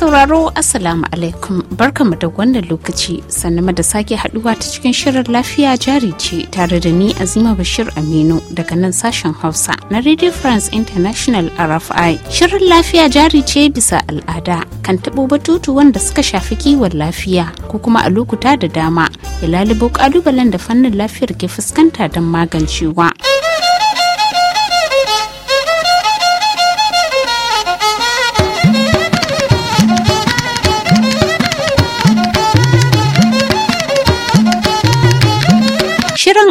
sauraro Assalamu alaikum barkamu da wannan lokaci sannan da sake haduwa ta cikin shirin lafiya jari ce tare da ni Azima Bashir Aminu daga nan sashen Hausa na Radio France International RFI. Shirin lafiya jari ce bisa al'ada kan tabo batutu wanda suka shafi kiwon lafiya ko kuma a lokuta da dama ya lalubo kalubalen da fannin lafiyar ke fuskanta don magancewa.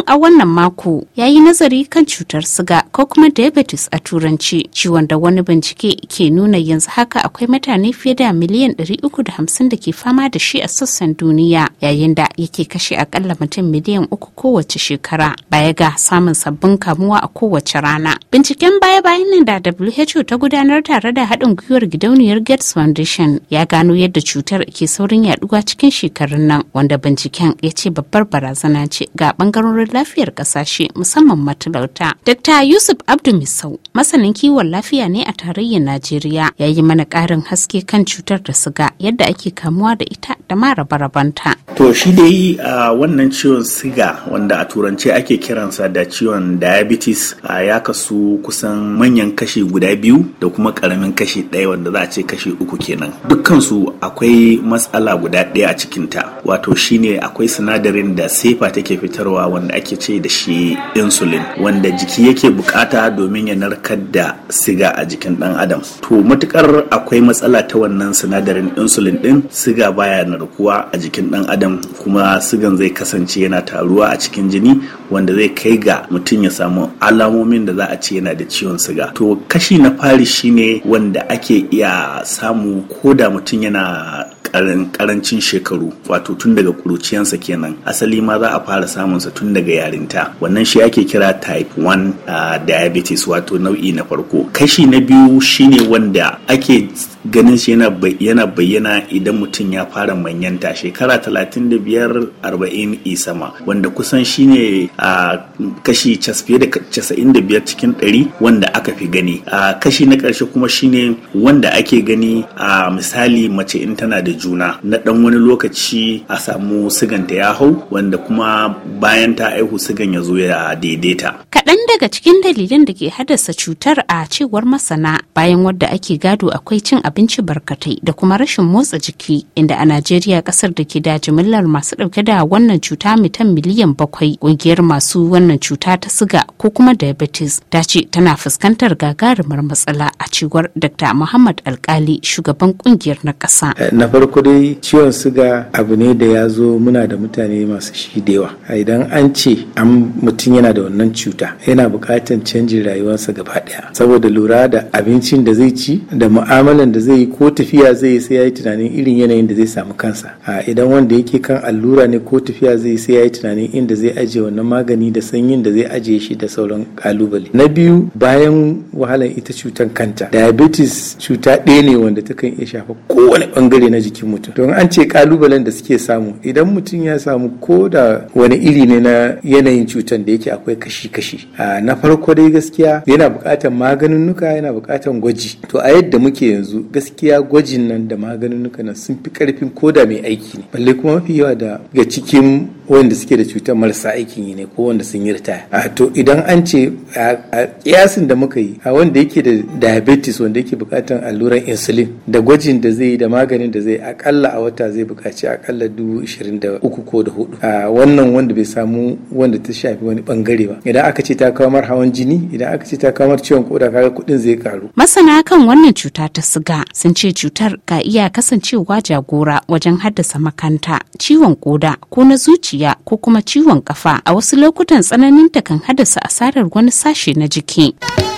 a wannan mako ya yi nazari kan cutar siga ko kuma diabetes a turanci ciwon da wani bincike ke nuna yanzu haka akwai mutane fiye da miliyan 350 da ke fama da shi a sassan duniya yayin da yake kashe akalla mutum miliyan uku kowace shekara baya ga samun sabbin kamuwa a kowace rana. Binciken baya-bayan nan da WHO ta gudanar tare da haɗin gwiwar gidauniyar Gates Foundation ya gano yadda cutar ke saurin yaduwa cikin shekarun nan wanda binciken ya ce babbar barazana ce ga bangarorin lafiyar kasashe musamman matalauta. Dr. Yusuf Abdu Misau masanin kiwon lafiya ne a tarayyar Najeriya ya yi mana ƙarin haske kan cutar da siga yadda ake kamuwa da ita da ma rabarabanta. To shi dai a wannan ciwon siga wanda a turance ake kiransa da ciwon diabetes uh, ya kasu kusan manyan kashi guda biyu da kuma karamin kashi ɗaya wanda za a ce kashi uku kenan. Dukkansu akwai matsala guda ɗaya a cikin ta. wato shine akwai sinadarin da sefa take fitarwa wanda ake ce da shi insulin wanda jiki yake bukata domin ya narkar da siga a jikin dan adam to matukar akwai matsala ta wannan sinadarin insulin din siga baya narkuwa a jikin dan adam kuma sigan zai kasance yana taruwa a cikin jini wanda zai kai ga mutum ya samu alamomin da za a ce yana da ciwon siga to kashi na fari shine wanda ake iya samu ko da mutum yana karancin shekaru wato tun daga kuruciyansa kenan asali ma za a fara samunsa tun daga yarinta wannan shi ake kira type 1 uh, diabetes wato nau'i na farko kashi na biyu shine wanda ake ganin shi yana bayyana idan mutum ya fara manyanta shekara 35-40 isama wanda kusan shine a uh, kashi fiye da 95 cikin 100 wanda aka fi gani a uh, kashi na ƙarshe kuma shine wanda ake gani a uh, misali mace in tana da juna na dan wani lokaci a samu sigan ta ya hau wanda kuma bayan ta aihu sigan ya zo ya daidaita kaɗan daga cikin dalilin da ke haddasa cutar a cewar masana bayan wadda ake gado akwai cin abinci barkatai da kuma rashin motsa jiki inda a najeriya kasar da ke da jimillar masu ɗauke da wannan cuta mitan miliyan bakwai ƙungiyar masu wannan cuta ta siga ko kuma diabetes ta ce tana fuskantar gagarumar matsala a cewar dr muhammad alkali shugaban ƙungiyar na ƙasa eh, na farko farko dai ciwon suga abu ne da ya zo muna da mutane masu shi da yawa idan an ce an mutum yana da wannan cuta yana bukatan canjin rayuwarsa gaba ɗaya saboda lura da abincin da zai ci da mu'amalan da zai yi ko tafiya zai yi sai ya yi tunanin irin yanayin da zai samu kansa a idan wanda yake kan allura ne ko tafiya zai yi sai ya yi tunanin inda zai ajiye wannan magani da sanyin da zai ajiye shi da sauran kalubale na biyu bayan wahalar ita cutan kanta diabetes cuta ɗaya ne wanda takan iya shafa kowane bangare na jiki jikin mutum don an ce kalubalen da suke samu idan mutum ya samu ko da wani iri ne na yanayin cutar da yake akwai kashi-kashi na farko dai gaskiya yana maganin maganinnuka yana bukatan gwaji to a yadda muke yanzu gaskiya gwajin nan da maganinnuka nan sun fi karfin ko da mai aiki ne balle kuma mafi yawa da ga cikin wanda suke da cutar marasa aikin yi ne ko wanda sun yi ritaya a to idan an ce a kiyasin da muka yi a wanda yake da diabetes wanda yake bukatan alluran insulin da gwajin da zai yi da maganin da zai akalla a wata zai bukaci akalla dubu ishirin da uku ko da hudu a wannan wanda bai samu wanda ta shafi wani bangare ba idan aka ce ta kawo hawan jini idan aka ce ta kawo ciwon koda kaga kudin zai karu masana kan wannan cuta ta siga sun ce cutar ka iya kasancewa jagora wajen haddasa makanta ciwon koda ko na zuciya zuciya ko kuma ciwon kafa a wasu lokutan tsananin ta kan haddasa asarar wani sashe na jiki.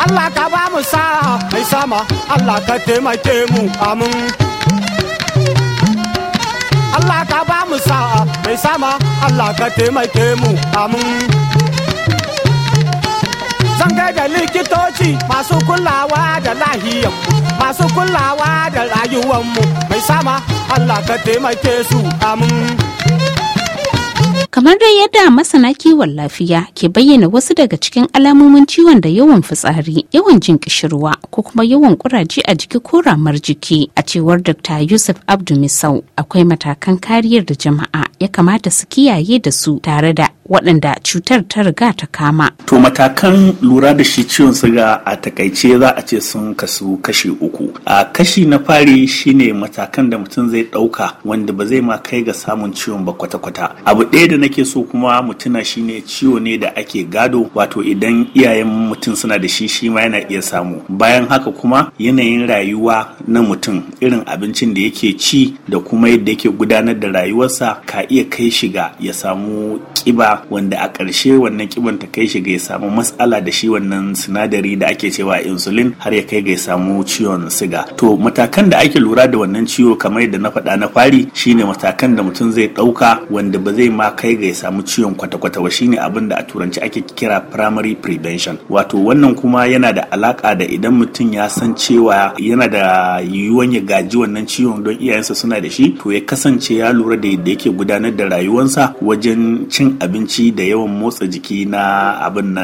Allah ka ba mu sa'a mai sama Allah ka taimake mu amin. Allah ka ba mu sa'a mai sama Allah ka taimake mu amin. Zan da likitoci masu kulawa da lahiyar masu kulawa da rayuwar mu mai sama Allah ka taimake su amin. Kamar dai yadda masana kiwon lafiya ke bayyana wasu daga cikin alamomin ciwon da yawan fitsari, yawan jin kishirwa ko kuma yawan kuraje a jiki ko ramar jiki. A cewar Dr. Yusuf Abdu Misau, akwai matakan kariyar da jama'a ya kamata su kiyaye da su tare da waɗanda cutar ta riga ta kama. To matakan lura da shi ciwon siga a takaice za a ce sun kasu kashi uku. A kashi na fari shine matakan da mutum zai ɗauka wanda ba zai ma kai ga samun ciwon ba kwata-kwata. Abu ɗaya da nake so kuma mutuna shine ciwo ne da ake gado wato idan iyayen mutum suna da shi shi ma yana iya samu. Bayan haka kuma yanayin rayuwa na mutum irin abincin da yake ci da kuma yadda yake gudanar da rayuwarsa ka iya kai shiga ya samu kiba wanda a ƙarshe wannan kiban ta kai shi ga ya samu matsala da shi wannan sinadari da ake cewa insulin har ya kai ga ya samu ciwon siga to matakan da ake lura da wannan ciwo kamar da na faɗa na fari shine matakan da mutum zai ɗauka wanda ba zai ma kai ga ya samu ciwon kwata-kwata ba shine abin da a turanci ake kira primary prevention wato wannan kuma yana da alaka da idan mutum ya san cewa yana da yiwuwan ya gaji wannan ciwon don iyayensa suna da shi to ya kasance ya lura da yadda yake gudanar da rayuwarsa wajen cin abinci abinci da yawan motsa jiki na abin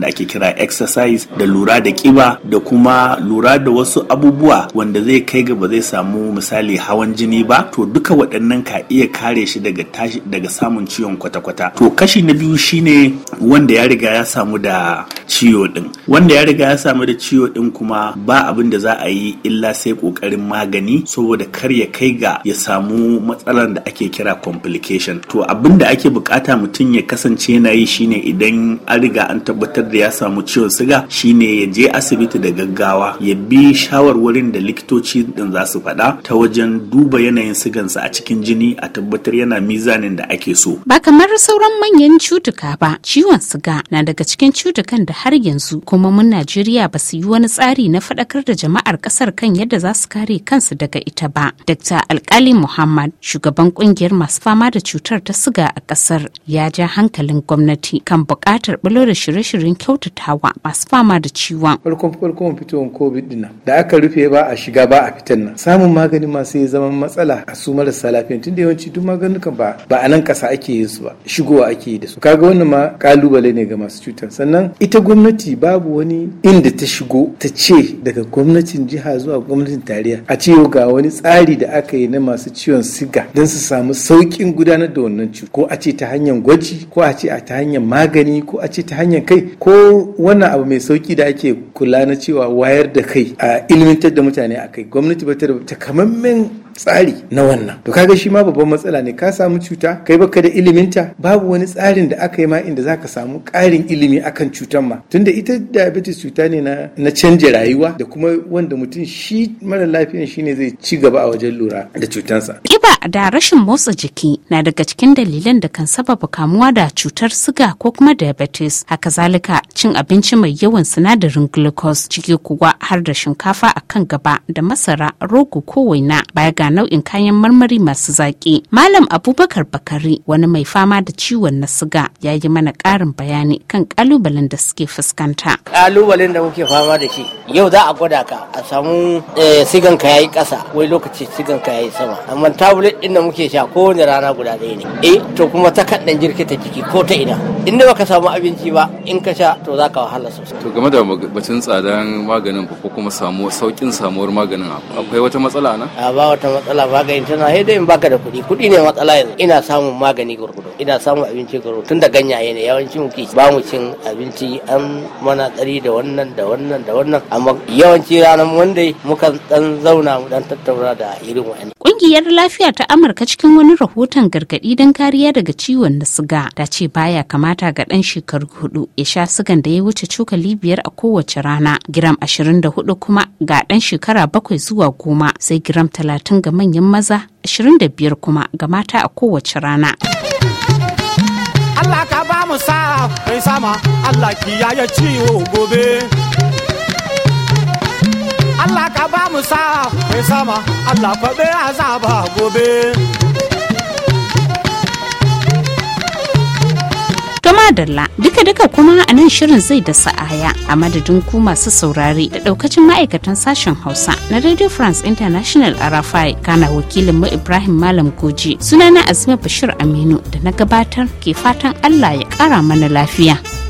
da ake kira exercise da lura da kiba da kuma lura da wasu abubuwa wanda zai kai ga ba zai samu misali hawan jini ba to duka waɗannan ka iya kare shi daga samun ciwon kwata-kwata to kashi na biyu shine wanda ya riga ya samu da ciwo din wanda ya riga ya samu da ciwo din kuma ba abin da za a yi illa sai kokarin magani saboda kar ya kai ga ya samu matsalar da ake kira complication to abin da ake bukata mutum mutum ya kasance yana yi shine idan an riga an tabbatar da ya samu ciwon siga shine ya je asibiti da gaggawa ya bi shawarwarin da likitoci din za su faɗa ta wajen duba yanayin sigansa a cikin jini a tabbatar yana mizanin da ake so. Ba kamar sauran manyan cutuka ba ciwon siga na daga cikin cutukan da har yanzu kuma mun Najeriya ba su yi wani tsari na faɗakar da jama'ar ƙasar kan yadda za su kare kansu daga ita ba. Dr. Alkali Muhammad shugaban kungiyar masu fama da cutar ta siga a ƙasar ya ya ja hankalin gwamnati kan buƙatar bulo da shirye-shiryen kyautatawa masu fama da ciwon. Farkon farkon fitowar COVID dina da aka rufe ba a shiga ba a fitan nan. Samun magani masu sai zama matsala a su marasa lafiya tunda yawanci duk maganin ba ba a nan kasa ake yin su ba shigowa ake yi da su. Kaga wannan ma kalubale ne ga masu cutar. Sannan ita gwamnati babu wani inda ta shigo ta ce daga gwamnatin jiha zuwa gwamnatin tarayya a ce ga wani tsari da aka yi na masu ciwon siga don su samu sauƙin gudanar da wannan ciwo ko a ce ta hanyar bacci ko a ce a ta hanyar magani ko a ce ta hanyar kai ko wannan abu mai sauki da ake kula na cewa wayar da kai a ilmantar da mutane a kai gwamnati ba ta da tsari na wannan to kaga shi ma babban matsala ne ka samu cuta kai baka da ilimin ta babu wani tsarin da aka yi ma inda zaka samu ƙarin ilimi akan cutan ma tunda ita diabetes cuta ne na na canja rayuwa da kuma wanda mutum shi mara lafiyan shine zai ci gaba a wajen lura da cutansa kiba da rashin motsa jiki na daga cikin dalilan da kan sababa kamuwa da cutar suga ko kuma diabetes haka zalika cin abinci mai yawan sinadarin glucose ciki kuwa har da shinkafa akan gaba da masara rogo ko waina baya ga nau'in kayan marmari masu zaƙi. Malam Abubakar Bakari wani mai fama da ciwon na siga ya yi mana ƙarin bayani kan ƙalubalen da suke fuskanta. Ƙalubalen da muke fama da shi yau za a gwada ka a samu eh, sigan ka yayi ƙasa wai lokaci sigan ka yayi sama amma tablet ɗin da muke sha kowane rana guda ɗaya ne. Eh to kuma ta kaɗan jirkita jiki ko ta ina. in da baka samu abinci ba in ka sha to za ka wahala sosai. To game da batun tsadan maganin ko kuma samuwar sauƙin samuwar maganin akwai wata matsala na? A ba wata matsala magani tana sai dai in baka da kuɗi kuɗi ne matsala yanzu ina samun magani gurgudu ina samun abinci gurgudu tun da ganyaye ne yawancin muke ba mu cin abinci an mana tsari da wannan da wannan da wannan amma yawanci ranar wanda mukan dan zauna mu dan tattauna da irin wani. Ƙungiyar lafiya ta Amurka cikin wani rahoton gargaɗi don kariya daga ciwon na siga ta ce baya kamata ga ɗan shekaru hudu ya sha sigan da ya wuce cokali biyar a kowace rana giram ashirin da hudu kuma ga ɗan shekara bakwai zuwa goma sai giram talatin ga manyan maza 25 kuma ga mata a kowace rana. Allah ka ba mu sa mai sama Allah kiyaye ciwo gobe. Allah ka ba mu sa mai sama Allah kwaɓe azaba gobe. madalla duka duka kuma a nan shirin zai da sa'aya a madadin ku masu saurare da daukacin ma'aikatan sashen hausa na radio france international Rafai kana wakilin mu ibrahim malam goji sunana azmi bashir aminu da na gabatar ke fatan allah ya kara mana lafiya